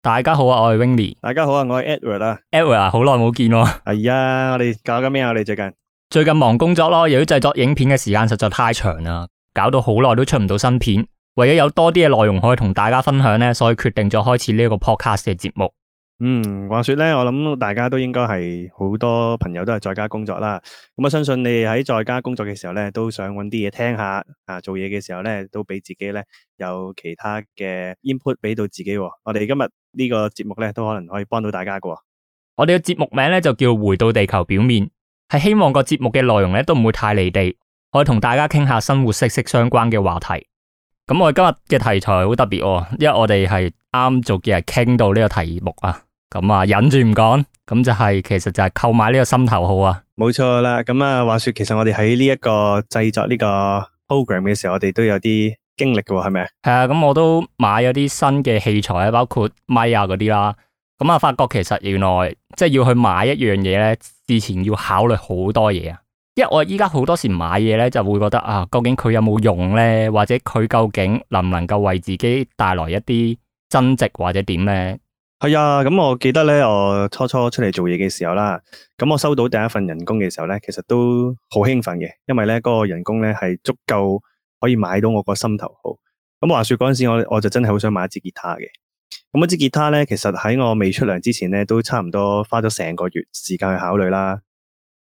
大家好啊，我係 Winnie。大家好啊，我係 Ed Edward 啦。Edward 啊，好耐冇見喎。係啊，我哋搞緊咩啊？你最近最近忙工作咯，由於製作影片嘅時間實在太長啦，搞到好耐都出唔到新片。為咗有，有多啲嘅內容可以同大家分享咧，所以決定咗開始呢一個 podcast 嘅節目。嗯，話說咧，我諗大家都應該係好多朋友都係在家工作啦。咁啊，相信你喺在，在家工作嘅時候咧，都想揾啲嘢聽下啊。做嘢嘅時候咧，都俾自己咧有其他嘅 input 畀到自己。我哋今日。呢個節目咧都可能可以幫到大家㗎。我哋嘅節目名咧就叫回到地球表面，係希望個節目嘅內容咧都唔會太離地，可以同大家傾下生活息息相關嘅話題。咁我哋今日嘅題材好特別喎，因為我哋係啱做嘅係傾到呢個題目啊。咁啊，忍住唔講，咁就係，其實就係購買呢個心頭好啊。冇錯啦。咁啊，話說其實我哋喺呢一個製作呢個 program 嘅時候，我哋都有啲。經歷嘅喎，係咪啊？係啊，咁我都買咗啲新嘅器材啊，包括咪啊嗰啲啦。咁啊，發覺其實原來即係、就是、要去買一樣嘢咧，之前要考慮好多嘢啊。因為我依家好多時買嘢咧，就會覺得啊，究竟佢有冇用咧，或者佢究竟能唔能夠為自己帶來一啲增值或者點咧？係啊，咁我記得咧，我初初出嚟做嘢嘅時候啦，咁我收到第一份人工嘅時候咧，其實都好興奮嘅，因為咧嗰、那個人工咧係足夠。可以買到我個心頭好。咁、嗯、話說嗰陣時我，我我就真係好想買一支吉他嘅。咁、嗯、一支吉他咧，其實喺我未出糧之前咧，都差唔多花咗成個月時間去考慮啦。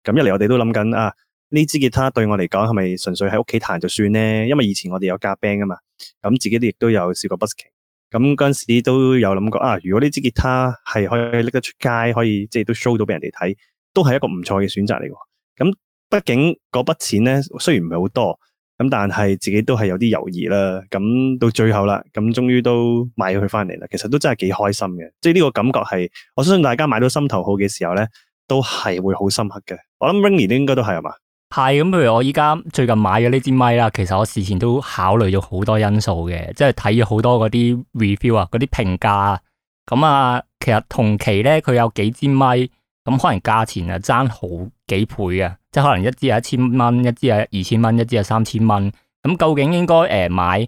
咁、嗯、一嚟我哋都諗緊啊，呢支吉他對我嚟講係咪純粹喺屋企彈就算咧？因為以前我哋有夾 band 啊嘛，咁、嗯、自己啲亦都有試過 busking、嗯。咁嗰陣時都有諗過啊，如果呢支吉他係可以拎得出街，可以即係都 show 到俾人哋睇，都係一個唔錯嘅選擇嚟。咁、嗯、畢竟嗰筆錢咧，雖然唔係好多。咁但係自己都係有啲猶豫啦，咁到最後啦，咁終於都買咗佢翻嚟啦，其實都真係幾開心嘅。即係呢個感覺係，我相信大家買到心頭好嘅時候咧，都係會好深刻嘅。我諗 Rainy 都應該都係啊嘛，係咁，譬如我依家最近買咗呢支咪啦，其實我事前都考慮咗好多因素嘅，即係睇咗好多嗰啲 review 啊，嗰啲評價啊，咁啊，其實同期咧佢有幾支咪。咁、嗯、可能價錢啊爭好幾倍啊，即係可能一支係一千蚊，一支係二千蚊，一支係三千蚊。咁、嗯、究竟應該誒、呃、買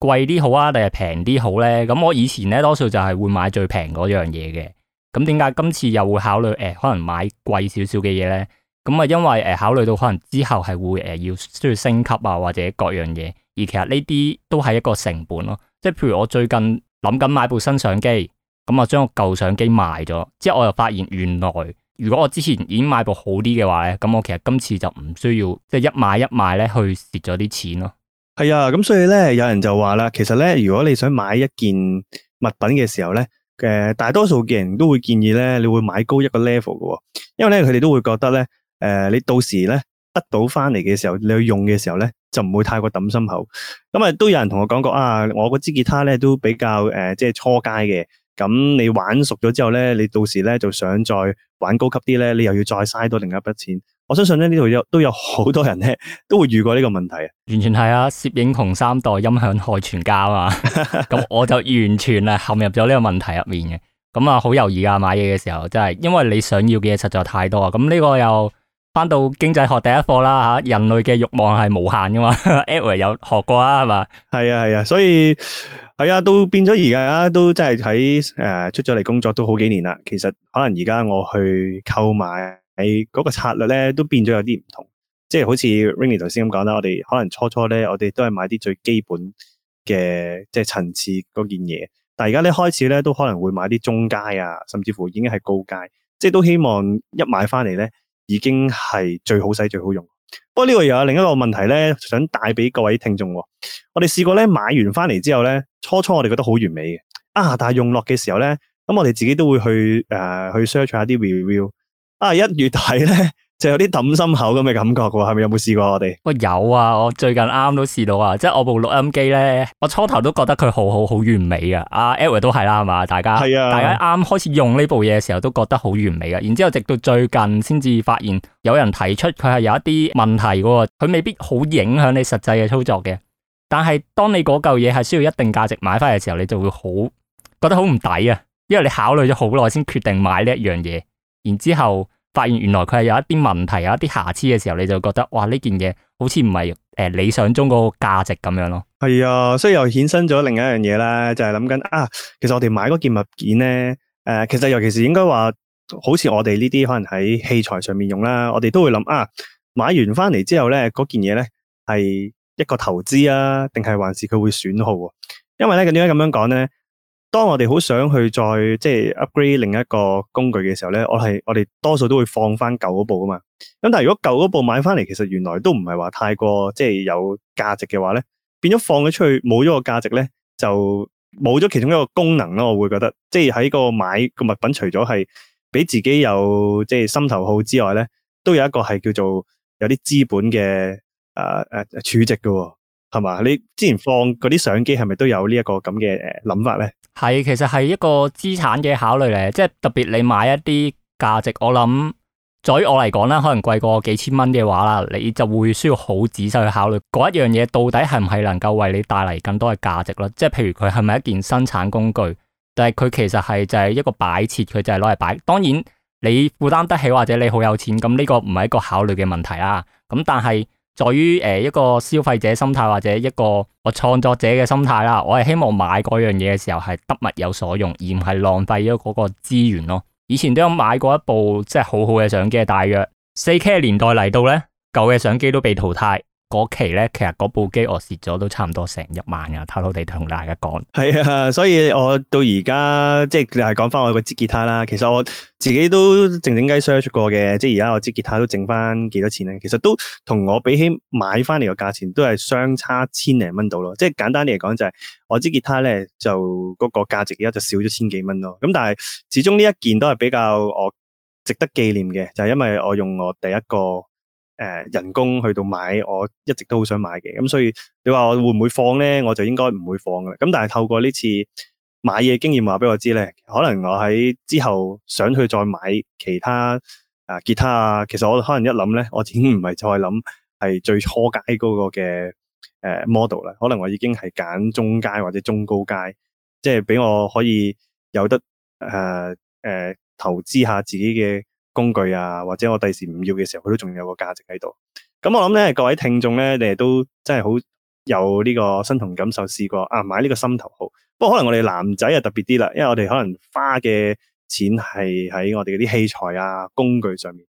貴啲好啊，定係平啲好咧？咁、嗯、我以前咧多數就係會買最平嗰樣嘢嘅。咁點解今次又會考慮誒、呃、可能買貴少少嘅嘢咧？咁、嗯、啊因為誒、呃、考慮到可能之後係會誒要、呃、需要升級啊或者各樣嘢，而其實呢啲都係一個成本咯、啊。即係譬如我最近諗緊買部新相機，咁啊將個舊相機賣咗，之後我又發現原來。如果我之前已經買部好啲嘅話咧，咁我其實今次就唔需要即係一買一賣，咧去蝕咗啲錢咯。係啊，咁所以咧，有人就話啦，其實咧，如果你想買一件物品嘅時候咧，誒、呃，大多數嘅人都會建議咧，你會買高一個 level 嘅，哦，因為咧，佢哋都會覺得咧，誒、呃，你到時咧得到翻嚟嘅時候，你去用嘅時候咧，就唔會太過抌心口。咁、嗯、啊，都有人同我講過啊，我嗰支吉他咧都比較誒、呃，即係初階嘅。咁你玩熟咗之後咧，你到時咧就想再玩高級啲咧，你又要再嘥多另一筆錢。我相信咧呢度有都有好多人咧都會遇過呢個問題啊！完全係啊，攝影窮三代，音響害全家啊嘛！咁 我就完全啊陷入咗呢個問題入面嘅。咁啊，好猶豫啊買嘢嘅時候，真係因為你想要嘅嘢實在太多啊！咁呢個又翻到經濟學第一課啦吓，人類嘅慾望係無限噶嘛 Edward 有學過啊係嘛？係啊係啊，所以。係啊，都變咗而家都真係喺誒出咗嚟，工作都好幾年啦。其實可能而家我去購買嗰、嗰個策略咧，都變咗有啲唔同。即係好似 Rainy 頭先咁講啦，我哋可能初初咧，我哋都係買啲最基本嘅即係層次嗰件嘢。但而家咧開始咧，都可能會買啲中階啊，甚至乎已經係高階。即係都希望一買翻嚟咧，已經係最好使最好用。不過呢個又有另一個問題呢，想帶俾各位聽眾、哦。我哋試過呢，買完返嚟之後呢，初初我哋覺得好完美嘅啊，但係用落嘅時候呢，咁我哋自己都會去誒、呃、去 search 下啲 review 啊，一月底呢。就有啲抌心口咁嘅感覺噶喎，係咪有冇試過我哋？喂，有啊，我最近啱都試到啊，即係我部錄音機呢，我初頭都覺得佢好好好完美啊。阿 Edward 都係啦，係嘛，大家，啊、大家啱開始用呢部嘢嘅時候都覺得好完美啊。然之後直到最近先至發現有人提出佢係有一啲問題噶，佢未必好影響你實際嘅操作嘅，但係當你嗰嚿嘢係需要一定價值買翻嚟嘅時候，你就會好覺得好唔抵啊，因為你考慮咗好耐先決定買呢一樣嘢，然之後。發現原來佢係有一啲問題，有一啲瑕疵嘅時候，你就覺得哇，呢件嘢好似唔係誒理想中嗰個價值咁樣咯。係啊，所以又衍生咗另一樣嘢咧，就係諗緊啊，其實我哋買嗰件物件咧，誒、呃，其實尤其是應該話，好似我哋呢啲可能喺器材上面用啦，我哋都會諗啊，買完翻嚟之後咧，嗰件嘢咧係一個投資啊，定係還是佢會損耗啊？因為咧點解咁樣講咧？當我哋好想去再即係 upgrade 另一個工具嘅時候咧，我係我哋多數都會放翻舊嗰部㗎嘛。咁但係如果舊嗰部買翻嚟，其實原來都唔係話太過即係有價值嘅話咧，變咗放咗出去冇咗個價值咧，就冇咗其中一個功能咯。我會覺得即係喺個買個物品，除咗係俾自己有即係心頭好之外咧，都有一個係叫做有啲資本嘅誒誒儲值嘅喎。呃啊同埋你之前放嗰啲相機，係咪都有這這呢一個咁嘅，誒諗法咧？係，其實係一個資產嘅考慮嚟，即係特別你買一啲價值，我諗，在於我嚟講啦，可能貴過幾千蚊嘅話啦，你就會需要好仔細去考慮嗰一樣嘢到底係唔係能夠為你帶嚟更多嘅價值咯。即係譬如佢係咪一件生產工具，但係佢其實係就係一個擺設，佢就係攞嚟擺。當然你負擔得起或者你好有錢，咁、這、呢個唔係一個考慮嘅問題啦。咁但係。在於誒一個消費者心態或者一個我創作者嘅心態啦，我係希望買嗰樣嘢嘅時候係得物有所用，而唔係浪費咗嗰個資源咯。以前都有買過一部即係好好嘅相機，大約四 K 嘅年代嚟，到咧，舊嘅相機都被淘汰。嗰期咧，其實嗰部機我蝕咗都差唔多成一萬噶，偷偷哋同大家講。係啊，所以我到而家即係講翻我個支吉他啦。其實我自己都靜靜雞 search 過嘅，即係而家我支吉他都剩翻幾多錢咧。其實都同我比起買翻嚟個價錢都係相差千零蚊到咯。即係簡單嚟講，就係我支吉他咧就嗰個價值而家就少咗千幾蚊咯。咁但係始終呢一件都係比較我值得紀念嘅，就係、是、因為我用我第一個。誒、呃，人工去到買，我一直都好想買嘅，咁、嗯、所以你話我會唔會放咧？我就應該唔會放嘅。咁但係透過呢次買嘢經驗話俾我知咧，可能我喺之後想去再買其他啊、呃、吉他啊，其實我可能一諗咧，我已經唔係再諗係最初階嗰個嘅誒、呃、model 啦，可能我已經係揀中階或者中高階，即係俾我可以有得誒誒、呃呃、投資下自己嘅。工具啊，或者我第時唔要嘅時候，佢都仲有個價值喺度。咁、嗯、我諗咧，各位聽眾咧，你哋都真係好有呢個身同感受試，試過啊買呢個心頭好。不過可能我哋男仔啊特別啲啦，因為我哋可能花嘅錢係喺我哋嗰啲器材啊工具上面。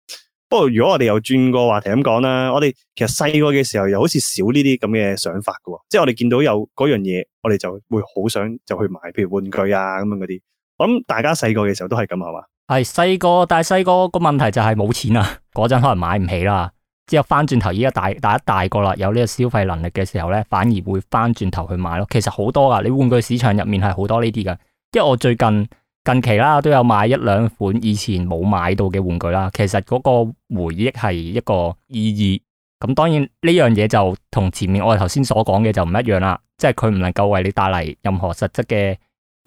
不過如果我哋有轉過話題咁講啦，我哋其實細個嘅時候又好似少呢啲咁嘅想法噶、哦，即係我哋見到有嗰樣嘢，我哋就會好想就去買，譬如玩具啊咁樣嗰啲。我諗大家細個嘅時候都係咁啊嘛。係細個，但係細個個問題就係冇錢啊！嗰陣可能買唔起啦，之後翻轉頭依家大大家大個啦，有呢個消費能力嘅時候呢，反而會翻轉頭去買咯。其實好多噶，你玩具市場入面係好多呢啲噶，因為我最近近期啦，都有買一兩款以前冇買到嘅玩具啦。其實嗰個回憶係一個意義，咁當然呢樣嘢就同前面我頭先所講嘅就唔一樣啦，即係佢唔能夠為你帶嚟任何實質嘅。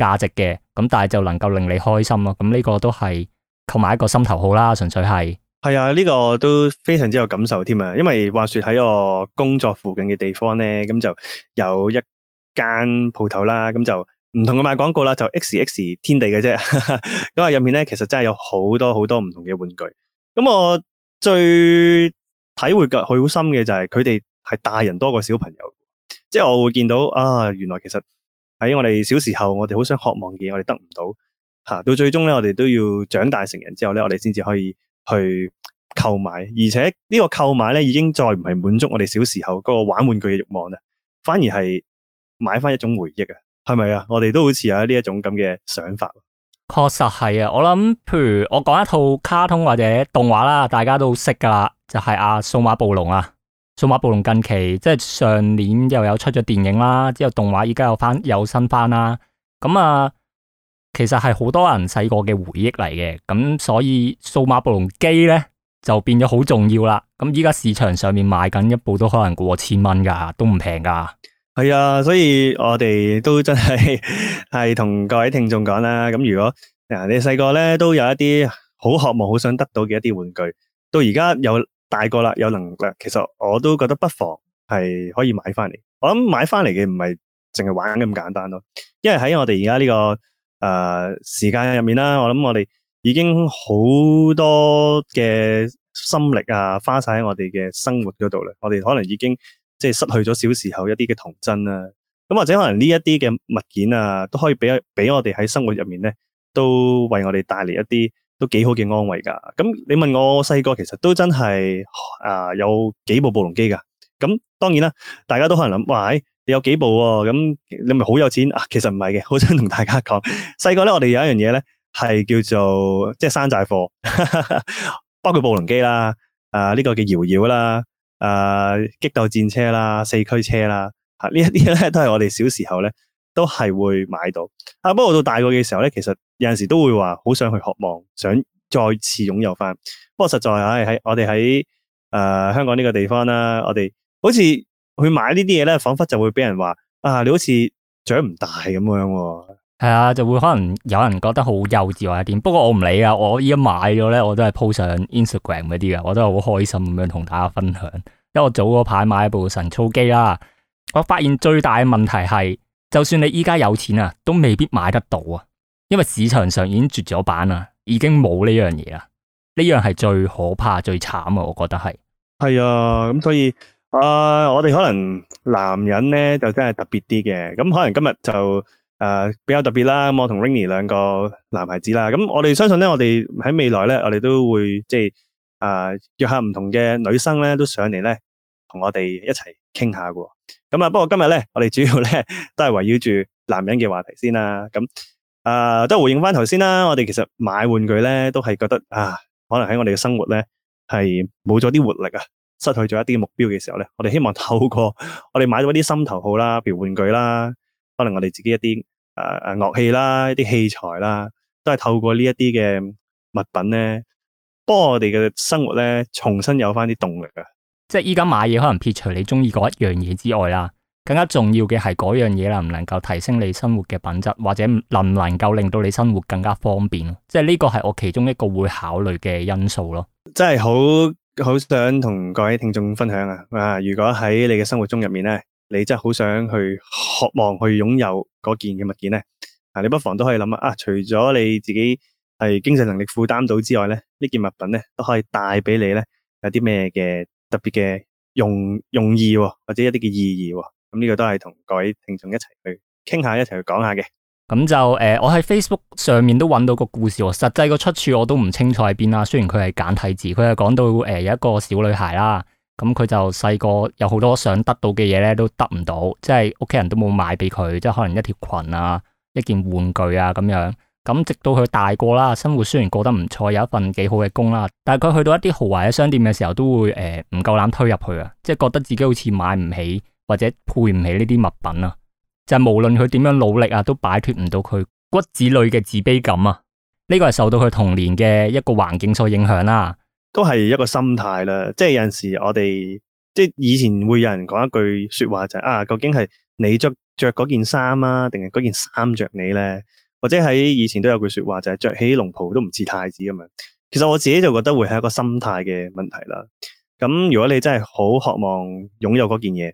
價值嘅，咁，但係就能夠令你開心咯。咁呢個都係購買一個心頭好啦，純粹係。係啊，呢個都非常之有感受添啊。因為話說喺我工作附近嘅地方咧，咁就有一間鋪頭啦。咁就唔同嘅賣廣告啦，就 X X 天地嘅啫。咁 啊，入面咧其實真係有好多好多唔同嘅玩具。咁我最體會嘅好深嘅就係佢哋係大人多過小朋友，即係我會見到啊，原來其實。喺我哋小時候我，我哋好想渴望嘅嘢，我哋得唔到，吓到最終咧，我哋都要長大成人之後咧，我哋先至可以去購買。而且呢個購買咧，已經再唔係滿足我哋小時候嗰個玩玩具嘅欲望啦，反而係買翻一種回憶啊？係咪啊？我哋都好似有呢一種咁嘅想法。確實係啊，我諗譬如我講一套卡通或者動畫啦，大家都識噶啦，就係阿《數碼暴龍》啊。數碼暴龍近期即係上年又有出咗電影啦，之後動畫依家又翻有新番啦。咁啊，其實係好多人細個嘅回憶嚟嘅。咁所以數碼暴龍機咧就變咗好重要啦。咁依家市場上面賣緊一部都可能過千蚊噶，都唔平噶係啊，所以我哋都真係係同各位聽眾講啦。咁如果嗱、呃，你細個咧都有一啲好渴望、好想得到嘅一啲玩具，到而家有。大個啦，有能力，其實我都覺得不妨係可以買翻嚟。我諗買翻嚟嘅唔係淨係玩咁簡單咯。因為喺我哋而家呢個誒、呃、時間入面啦，我諗我哋已經好多嘅心力啊，花晒喺我哋嘅生活嗰度啦。我哋可能已經即係失去咗小時候一啲嘅童真啦。咁或者可能呢一啲嘅物件啊，都可以俾俾我哋喺生活入面咧，都為我哋帶嚟一啲，都幾好嘅安慰噶，咁你問我細個其實都真係啊、呃、有幾部暴龍機噶，咁當然啦，大家都可能諗，喂，你有幾部喎、啊，咁你咪好有錢啊？其實唔係嘅，好想同大家講，細個咧我哋有一樣嘢咧係叫做即係、就是、山寨貨， 包括暴龍機啦，誒、呃、呢、這個叫搖搖啦，誒、呃、激鬥戰車啦，四驅車啦，吓呢一啲咧都係我哋小時候咧。都係會買到啊！不過到大個嘅時候咧，其實有陣時都會話好想去渴望，想再次擁有翻。不過實在，喺、啊、我哋喺誒香港呢個地方啦，我哋好似去買呢啲嘢咧，仿佛就會俾人話啊！你好似長唔大咁樣、啊，係啊，就會可能有人覺得好幼稚或者點。不過我唔理啊，我而家買咗咧，我都係鋪上 Instagram 嗰啲㗎，我都係好開心咁樣同大家分享。因為我早嗰排買部神操機啦，我發現最大嘅問題係。就算你而家有錢啊，都未必買得到啊，因為市場上已經絕咗版啦，已經冇呢樣嘢啦。呢樣係最可怕、最慘啊，我覺得係。係啊，咁所以誒、呃，我哋可能男人咧就真係特別啲嘅，咁可能今日就誒、呃、比較特別啦。咁我同 Rainy 兩個男孩子啦，咁我哋相信咧，我哋喺未來咧，我哋都會即係誒約下唔同嘅女生咧都上嚟咧，同我哋一齊傾下嘅。咁啊，不過今日咧，我哋主要咧都係圍繞住男人嘅話題先啦。咁啊，都、呃、回應翻頭先啦。我哋其實買玩具咧，都係覺得啊，可能喺我哋嘅生活咧係冇咗啲活力啊，失去咗一啲目標嘅時候咧，我哋希望透過我哋買咗一啲心頭好啦，譬如玩具啦，可能我哋自己一啲誒誒樂器啦、一啲器材啦，都係透過呢一啲嘅物品咧，幫我哋嘅生活咧重新有翻啲動力啊。即係而家買嘢，可能撇除你鍾意嗰一樣嘢之外啦，更加重要嘅係嗰樣嘢能唔能夠提升你生活嘅品質，或者能唔能夠令到你生活更加方便。即係呢個係我其中一個會考慮嘅因素咯。真係好好想同各位聽眾分享啊！啊，如果喺你嘅生活中入面咧，你真係好想去渴望去擁有嗰件嘅物件咧，啊，你不妨都可以諗下。啊，除咗你自己係經濟能力負擔到之外咧，呢件物品咧都可以帶俾你咧有啲咩嘅特別嘅用用意，或者一啲嘅意義，咁呢個都係同各位聽眾一齊去傾下，一齊去講下嘅。咁就誒，我喺 Facebook 上面都揾到個故事，實際個出處我都唔清楚喺邊啦。雖然佢係簡體字，佢係講到誒、呃、有一個小女孩啦，咁佢就細個有好多想得到嘅嘢，咧都得唔到，即係屋企人都冇買俾佢，即係可能一條裙啊，一件玩具啊咁樣。咁直到佢大個啦，生活雖然過得唔錯，有一份幾好嘅工啦，但係佢去到一啲豪華嘅商店嘅時候，都會誒唔夠膽推入去啊，即係覺得自己好似買唔起或者配唔起呢啲物品啊，就係無論佢點樣努力啊，都擺脫唔到佢骨子裏嘅自卑感啊。呢個係受到佢童年嘅一個環境所影響啦，都係一個心態啦。即係有陣時我哋即係以前會有人講一句說話就係啊，究竟係你着着嗰件衫啊，定係嗰件衫着你咧？或者喺以前都有句説話，就係着起龍袍都唔似太子咁樣。其實我自己就覺得會係一個心態嘅問題啦。咁如果你真係好渴望擁有嗰件嘢，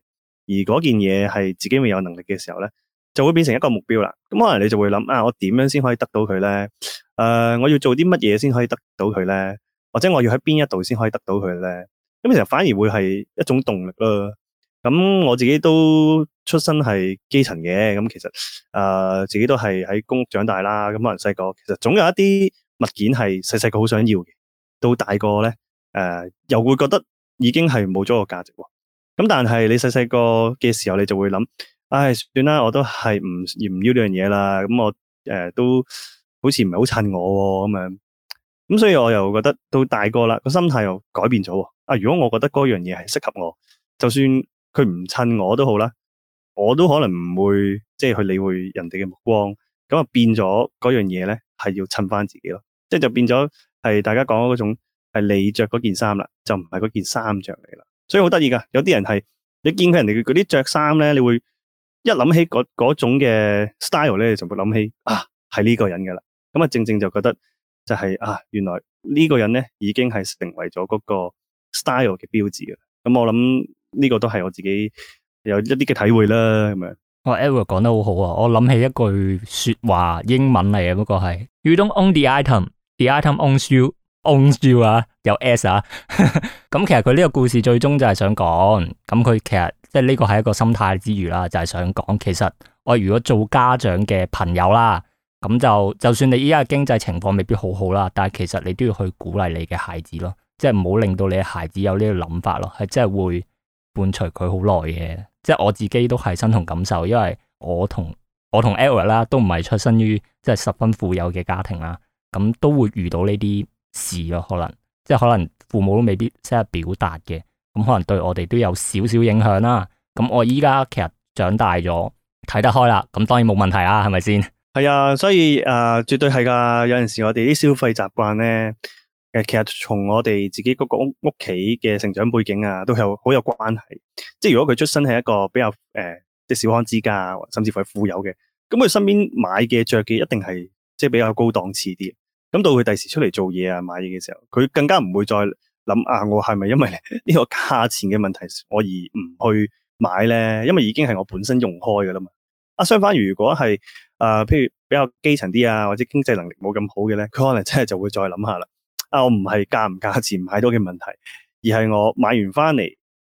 而嗰件嘢係自己未有能力嘅時候咧，就會變成一個目標啦。咁可能你就會諗啊，我點樣先可以得到佢咧？誒、呃，我要做啲乜嘢先可以得到佢咧？或者我要喺邊一度先可以得到佢咧？咁其實反而會係一種動力咯。咁、嗯、我自己都出身係基層嘅，咁、嗯、其實誒、呃、自己都係喺公屋長大啦，咁、嗯、可能細個其實總有一啲物件係細細個好想要嘅，到大個咧誒又會覺得已經係冇咗個價值喎。咁、嗯、但係你細細個嘅時候，你就會諗，唉，算啦，我都係唔要唔要呢樣嘢啦。咁、嗯、我誒、呃、都好似唔係好襯我咁、哦、樣。咁、嗯、所以我又覺得到大個啦，個心態又改變咗。啊，如果我覺得嗰樣嘢係適合我，就算。佢唔襯我都好啦，我都可能唔會即係去理會人哋嘅目光，咁啊變咗嗰樣嘢咧係要襯翻自己咯，即係就變咗係大家講嗰種係你着嗰件衫啦，就唔係嗰件衫着你啦，所以好得意噶，有啲人係你見佢人哋嗰啲着衫咧，你會一諗起嗰種嘅 style 咧，就會諗起啊係呢個人嘅啦，咁啊正正就覺得就係、是、啊原來呢個人咧已經係成為咗嗰個 style 嘅標誌啊，咁我諗。呢個都係我自己有一啲嘅體會啦，咁樣。我 Edward 講得好好啊，我諗起一句說話英文嚟嘅，不過係 “You don’t own the item, the item owns you, owns you 啊，有 S 啊。 咁、嗯、其實佢呢個故事最終就係想講，咁佢其實即係呢個係一個心態之餘啦，就係想講，其實我如果做家長嘅朋友啦，咁就就算你依家嘅經濟情況未必好好啦，但係其實你都要去鼓勵你嘅孩子咯，即係唔好令到你嘅孩子有呢個諗法咯，係真係會。伴隨佢好耐嘅，即係我自己都係身同感受，因為我同我同 Edward 啦，都唔係出身於即係十分富有嘅家庭啦，咁都會遇到呢啲事咯，可能即係可能父母都未必即係表達嘅，咁可能對我哋都有少少影響啦。咁我依家其實長大咗，睇得開啦，咁當然冇問題啊，係咪先？係啊，所以誒、呃，絕對係噶，有陣時我哋啲消費習慣咧。誒，其實從我哋自己嗰個屋屋企嘅成長背景啊，都有好有關係。即係如果佢出身係一個比較誒、呃，即係小康之家，甚至乎係富有嘅，咁佢身邊買嘅着嘅一定係即係比較高檔次啲。咁到佢第時出嚟做嘢啊，買嘢嘅時候，佢更加唔會再諗啊，我係咪因為呢個價錢嘅問題，我而唔去買咧？因為已經係我本身用開㗎喇嘛。啊，相反，如果係誒、呃，譬如比較基層啲啊，或者經濟能力冇咁好嘅咧，佢可能真係就會再諗下啦。啊！我唔係價唔價錢買多嘅問題，而係我買完翻嚟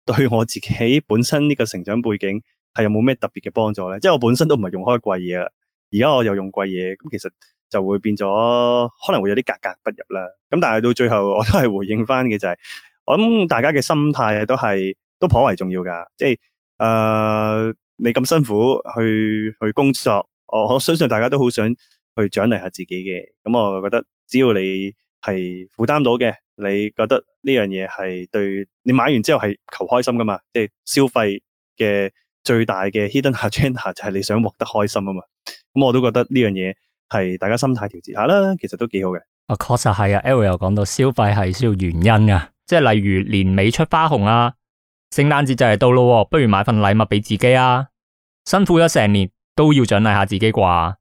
對我自己本身呢個成長背景係有冇咩特別嘅幫助咧？即係我本身都唔係用開貴嘢啦，而家我又用貴嘢，咁其實就會變咗，可能會有啲格格不入啦。咁但係到最後，我都係回應翻嘅就係、是，我諗大家嘅心態都係都頗為重要噶。即係誒、呃，你咁辛苦去去工作，我我相信大家都好想去獎勵下自己嘅。咁我覺得只要你。係負擔到嘅，你覺得呢樣嘢係對你買完之後係求開心噶嘛？即係消費嘅最大嘅 hidden agenda 就係你想獲得開心啊嘛。咁我都覺得呢樣嘢係大家心態調節下啦，其實都幾好嘅。啊，確實係啊 Ellie 又講到消費係需要原因噶，即係例如年尾出花紅啊，聖誕節就嚟到咯、啊，不如買份禮物畀自己啊，辛苦咗成年都要獎勵下自己啩。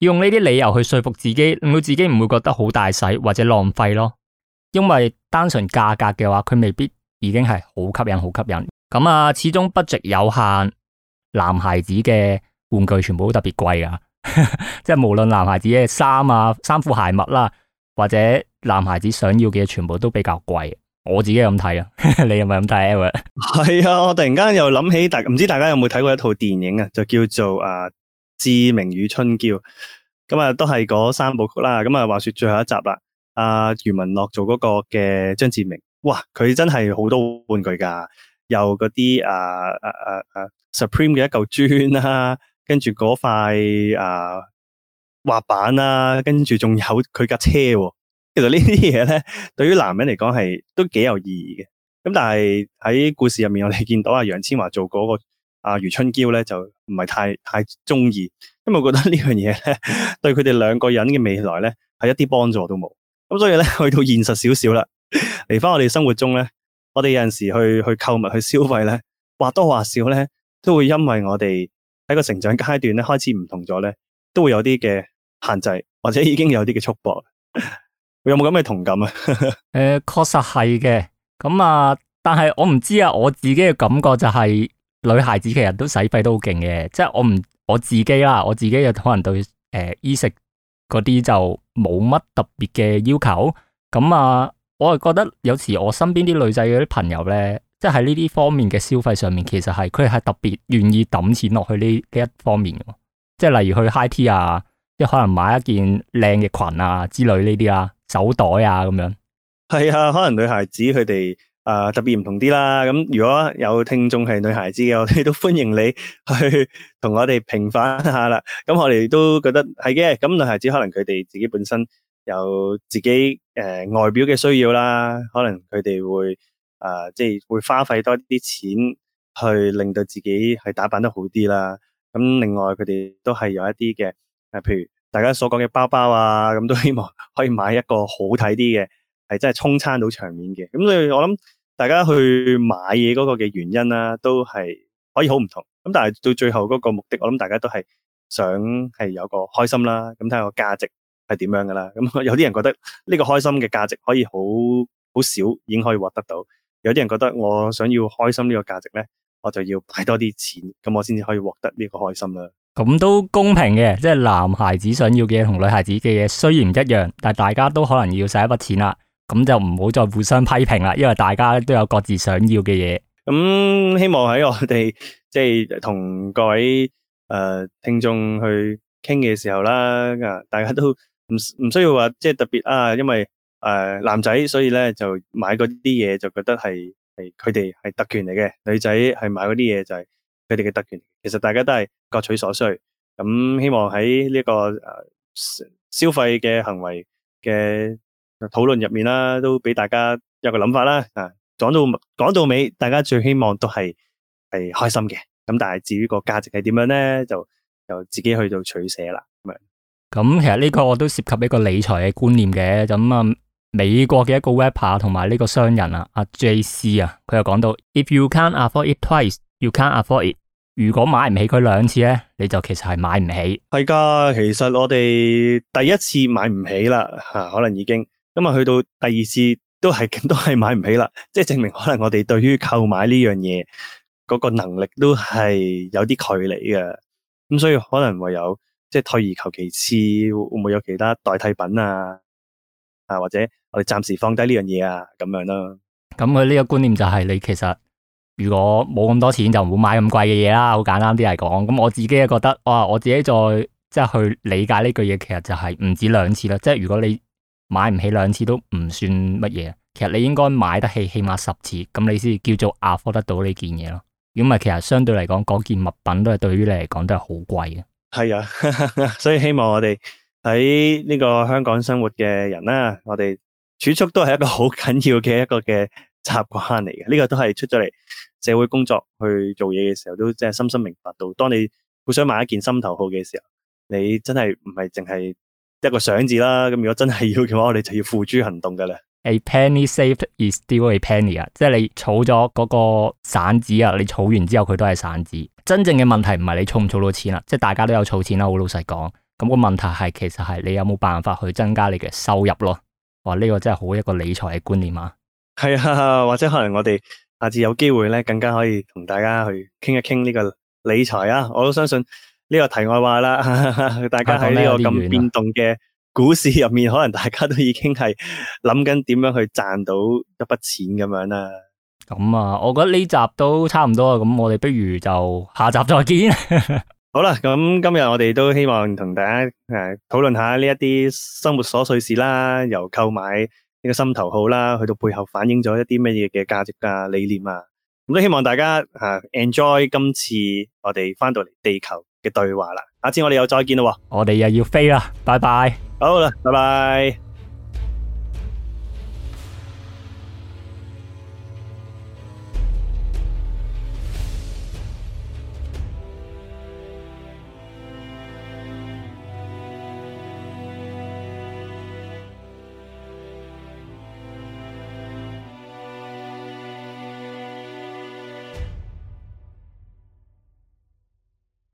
用呢啲理由去說服自己，令到自己唔會覺得好大使，或者浪費咯。因為單純價格嘅話，佢未必已經係好吸引，好吸引。咁啊，始終 budget 有限，男孩子嘅玩具全部都特別貴啊。 即係無論男孩子嘅衫啊、衫褲鞋襪啦、啊，或者男孩子想要嘅全部都比較貴。我自己係咁睇啊， 你又咪咁睇啊？係啊，我突然間又諗起大，唔知大家有冇睇過一套電影啊？就叫做啊。志明與春嬌，咁、嗯、啊都係嗰三部曲啦。咁、嗯、啊，話說最後一集啦。阿、呃、余文樂做嗰個嘅張志明，哇，佢真係好多玩具噶，有嗰啲啊啊啊 Supreme 啊 Supreme 嘅一嚿磚啦，跟住嗰塊啊滑板啊，跟住仲有佢架車、啊。其實呢啲嘢咧，對於男人嚟講係都幾有意義嘅。咁、嗯、但係喺故事入面，我哋見到阿楊千嬅做嗰、那個。阿余、啊、春嬌咧就唔係太太中意，因為我覺得呢樣嘢咧， 對佢哋兩個人嘅未來咧係一啲幫助都冇。咁所以咧，去到現實少少啦，嚟翻我哋生活中咧，我哋有陣時去去購物去消費咧，或多或少咧都會因為我哋喺個成長階段咧開始唔同咗咧，都會有啲嘅限制，或者已經有啲嘅束縛。 有冇咁嘅同感啊？誒、 呃，確實係嘅。咁啊，但係我唔知啊，我自己嘅感覺就係、是。女孩子其實都使費都好勁嘅，即係我唔我自己啦，我自己又可能對誒、呃、衣食嗰啲就冇乜特別嘅要求。咁啊，我就覺得有時我身邊啲女仔嗰啲朋友咧，即係喺呢啲方面嘅消費上面，其實係佢哋係特別願意抌錢落去呢呢一方面嘅。即係例如去 high tea 啊，即係可能買一件靚嘅裙啊之類呢啲啊，手袋啊咁樣。係啊，可能女孩子佢哋。誒、呃，特別唔同啲啦。咁如果有聽眾係女孩子嘅，我哋都歡迎你去同我哋平反下啦。咁我哋都覺得係嘅。咁女孩子可能佢哋自己本身有自己誒、呃、外表嘅需要啦，可能佢哋會誒、呃、即係會花費多啲錢去令到自己係打扮得好啲啦。咁另外佢哋都係有一啲嘅誒，譬如大家所講嘅包包啊，咁都希望可以買一個好睇啲嘅。係真係充撐到場面嘅，咁所以我諗大家去買嘢嗰個嘅原因啦、啊，都係可以好唔同。咁但係到最後嗰個目的，我諗大家都係想係有個開心啦，咁睇下個價值係點樣噶啦。咁有啲人覺得呢個開心嘅價值可以好好少已經可以獲得到，有啲人覺得我想要開心呢個價值咧，我就要擺多啲錢，咁我先至可以獲得呢個開心啦。咁都公平嘅，即係男孩子想要嘅嘢同女孩子嘅嘢雖然唔一樣，但係大家都可能要使一筆錢啦。咁就唔好再互相批評啦，因為大家都有各自想要嘅嘢。咁、嗯、希望喺我哋即係同各位誒、呃、聽眾去傾嘅時候啦，大家都唔唔需要話即係特別啊，因為誒、呃、男仔所以咧就買嗰啲嘢就覺得係係佢哋係特權嚟嘅，女仔係買嗰啲嘢就係佢哋嘅特權。其實大家都係各取所需。咁、嗯、希望喺呢、這個誒、呃、消費嘅行為嘅。討論入面啦，都畀大家有個諗法啦。啊，講到講到尾，大家最希望都係係開心嘅。咁、啊、但係至於個價值係點樣咧，就就自己去做取捨啦。咁、嗯、其實呢個我都涉及一個理財嘅觀念嘅。咁、嗯、啊，美國嘅一個 rapper 同埋呢個商人啊, C, 啊，阿 J.C. 啊，佢又講到：If you can't afford it twice, you can't afford it。如果買唔起佢兩次咧，你就其實係買唔起。係噶，其實我哋第一次買唔起啦，吓、啊、可能已經。咁啊，去到第二次都係都係買唔起啦，即係證明可能我哋對於購買呢樣嘢嗰個能力都係有啲距離嘅。咁所以可能唯有即係退而求其次，會唔會有其他代替品啊？啊或者我哋暫時放低呢樣嘢啊，咁樣咯、啊。咁佢呢個觀念就係你其實如果冇咁多錢就唔好買咁貴嘅嘢啦，好簡單啲嚟講。咁我自己覺得哇，我自己再即係去理解呢句嘢，其實就係唔止兩次啦。即係如果你。買唔起兩次都唔算乜嘢，其實你應該買得起起碼十次，咁你先叫做 afford 得到呢件嘢咯。如果唔係，其實相對嚟講，嗰件物品都係對於你嚟講都係好貴嘅。係啊，哈哈，所以希望我哋喺呢個香港生活嘅人啦，我哋儲蓄都係一個好緊要嘅一個嘅習慣嚟嘅。呢、這個都係出咗嚟社會工作去做嘢嘅時候，都真係深深明白到，當你好想買一件心頭好嘅時候，你真係唔係淨係。一個想字啦，咁如果真係要嘅話，我哋就要付諸行動嘅啦。A penny saved is still a penny 啊，即係你儲咗嗰個散紙啊，你儲完之後佢都係散紙。真正嘅問題唔係你儲唔儲到錢啦，即係大家都有儲錢啦。好老實講，咁個問題係其實係你有冇辦法去增加你嘅收入咯。哇，呢個真係好一個理財嘅觀念啊！係啊，或者可能我哋下次有機會咧，更加可以同大家去傾一傾呢個理財啊。我都相信。呢個題外話啦，大家喺呢個咁變動嘅股市入面，可能大家都已經係諗緊點樣去賺到一筆錢咁樣啦。咁、啊、我覺得呢集都差唔多啦，咁我哋不如就下集再見。 好啦，咁今日我哋都希望同大家誒討論下呢一啲生活瑣碎事啦，由購買呢、這個心頭好啦，去到背後反映咗一啲咩嘢嘅價值啊、理念啊，咁都希望大家誒、啊、enjoy 今次我哋返到嚟地球。嘅對話啦，下次我哋又再見咯，我哋又要飛啦，拜拜，好啦，拜拜。